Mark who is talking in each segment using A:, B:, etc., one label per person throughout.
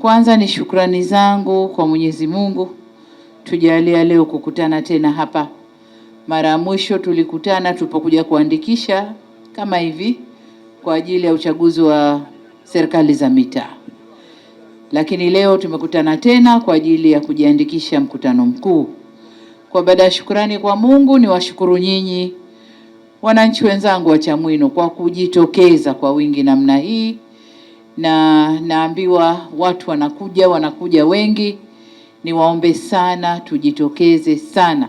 A: Kwanza ni shukrani zangu kwa Mwenyezi Mungu tujalia leo kukutana tena hapa. Mara ya mwisho tulikutana tulipokuja kuandikisha kama hivi kwa ajili ya uchaguzi wa serikali za mitaa, lakini leo tumekutana tena kwa ajili ya kujiandikisha mkutano mkuu. Kwa baada ya shukrani kwa Mungu, ni washukuru nyinyi wananchi wenzangu wa Chamwino kwa kujitokeza kwa wingi namna hii na naambiwa watu wanakuja, wanakuja wengi. Niwaombe sana tujitokeze sana,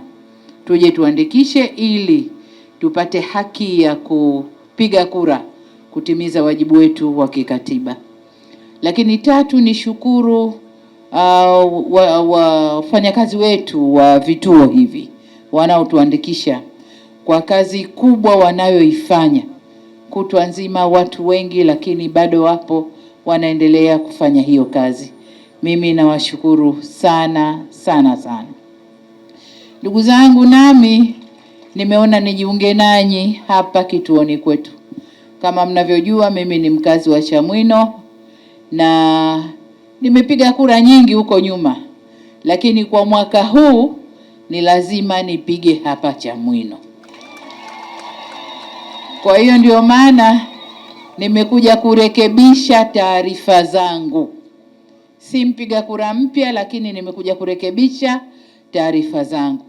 A: tuje tuandikishe ili tupate haki ya kupiga kura, kutimiza wajibu wetu wa kikatiba. Lakini tatu, nishukuru uh, wafanyakazi wa, wetu wa vituo hivi wanaotuandikisha kwa kazi kubwa wanayoifanya kutwa nzima, watu wengi, lakini bado wapo wanaendelea kufanya hiyo kazi. Mimi nawashukuru sana sana sana, ndugu zangu, nami nimeona nijiunge nanyi hapa kituoni kwetu. Kama mnavyojua, mimi ni mkazi wa Chamwino na nimepiga kura nyingi huko nyuma, lakini kwa mwaka huu ni lazima nipige hapa Chamwino. Kwa hiyo ndio maana nimekuja kurekebisha taarifa zangu, si mpiga kura mpya, lakini nimekuja kurekebisha taarifa zangu.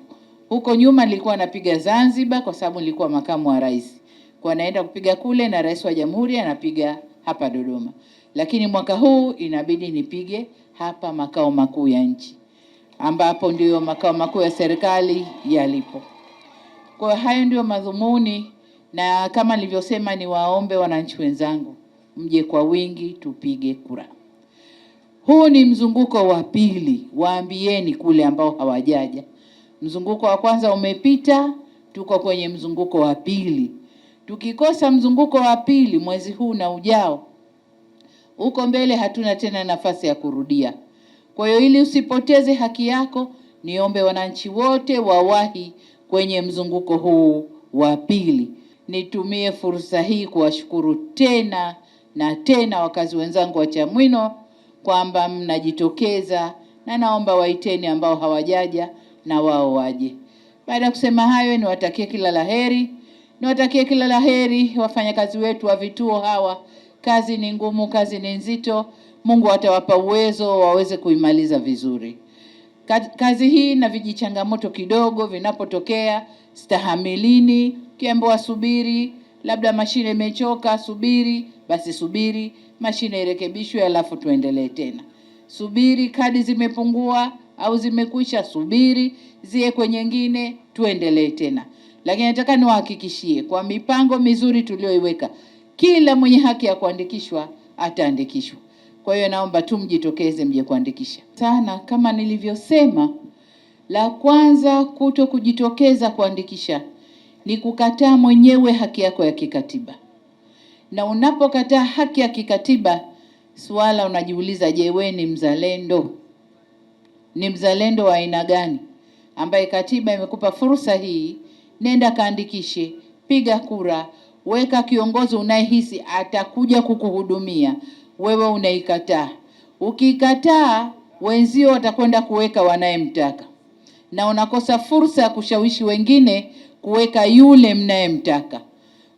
A: Huko nyuma nilikuwa napiga Zanzibar kwa sababu nilikuwa makamu wa rais, kwa naenda kupiga kule, na rais wa jamhuri anapiga hapa Dodoma, lakini mwaka huu inabidi nipige hapa makao makuu ya nchi, ambapo ndiyo makao makuu ya serikali yalipo. Kwa hayo ndiyo madhumuni na kama nilivyosema, ni waombe wananchi wenzangu mje kwa wingi tupige kura. Huu ni mzunguko wa pili, waambieni kule ambao hawajaja. Mzunguko wa kwanza umepita, tuko kwenye mzunguko wa pili. Tukikosa mzunguko wa pili mwezi huu na ujao, huko mbele hatuna tena nafasi ya kurudia. Kwa hiyo ili usipoteze haki yako, niombe wananchi wote wawahi kwenye mzunguko huu wa pili nitumie fursa hii kuwashukuru tena na tena wakazi wenzangu wa Chamwino kwamba mnajitokeza, na naomba waiteni ambao hawajaja na wao waje. Baada ya kusema hayo, niwatakie kila laheri, niwatakie kila laheri wafanyakazi wetu wa vituo hawa. Kazi ni ngumu, kazi ni nzito. Mungu atawapa uwezo waweze kuimaliza vizuri kazi hii, na vijichangamoto kidogo vinapotokea, stahamilini. Kiambiwa subiri, labda mashine imechoka, subiri basi subiri, mashine irekebishwe, alafu tuendelee tena. Subiri, kadi zimepungua au zimekwisha, subiri ziwekwe nyingine, tuendelee tena. Lakini nataka niwahakikishie kwa mipango mizuri tuliyoiweka, kila mwenye haki ya kuandikishwa ataandikishwa. Kwa hiyo naomba tu mjitokeze mje kuandikisha sana. Kama nilivyosema, la kwanza kuto kujitokeza kuandikisha ni kukataa mwenyewe haki yako ya kikatiba, na unapokataa haki ya kikatiba swala unajiuliza, je, wewe ni mzalendo? Ni mzalendo wa aina gani ambaye katiba imekupa fursa hii? Nenda kaandikishe, piga kura, weka kiongozi unayehisi atakuja kukuhudumia. Wewe unaikataa. Ukikataa, wenzio watakwenda kuweka wanayemtaka, na unakosa fursa ya kushawishi wengine kuweka yule mnayemtaka.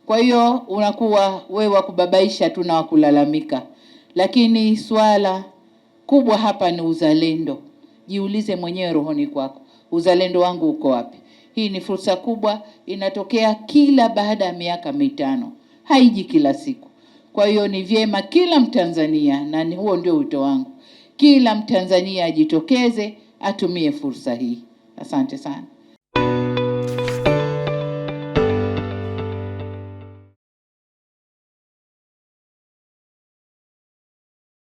A: Kwa hiyo unakuwa we wa kubabaisha tu na wa kulalamika, lakini swala kubwa hapa ni uzalendo. Jiulize mwenyewe rohoni kwako, uzalendo wangu uko wapi? Hii ni fursa kubwa, inatokea kila baada ya miaka mitano, haiji kila siku. Kwa hiyo ni vyema kila Mtanzania, na huo ndio wito wangu, kila Mtanzania ajitokeze, atumie fursa hii. Asante sana.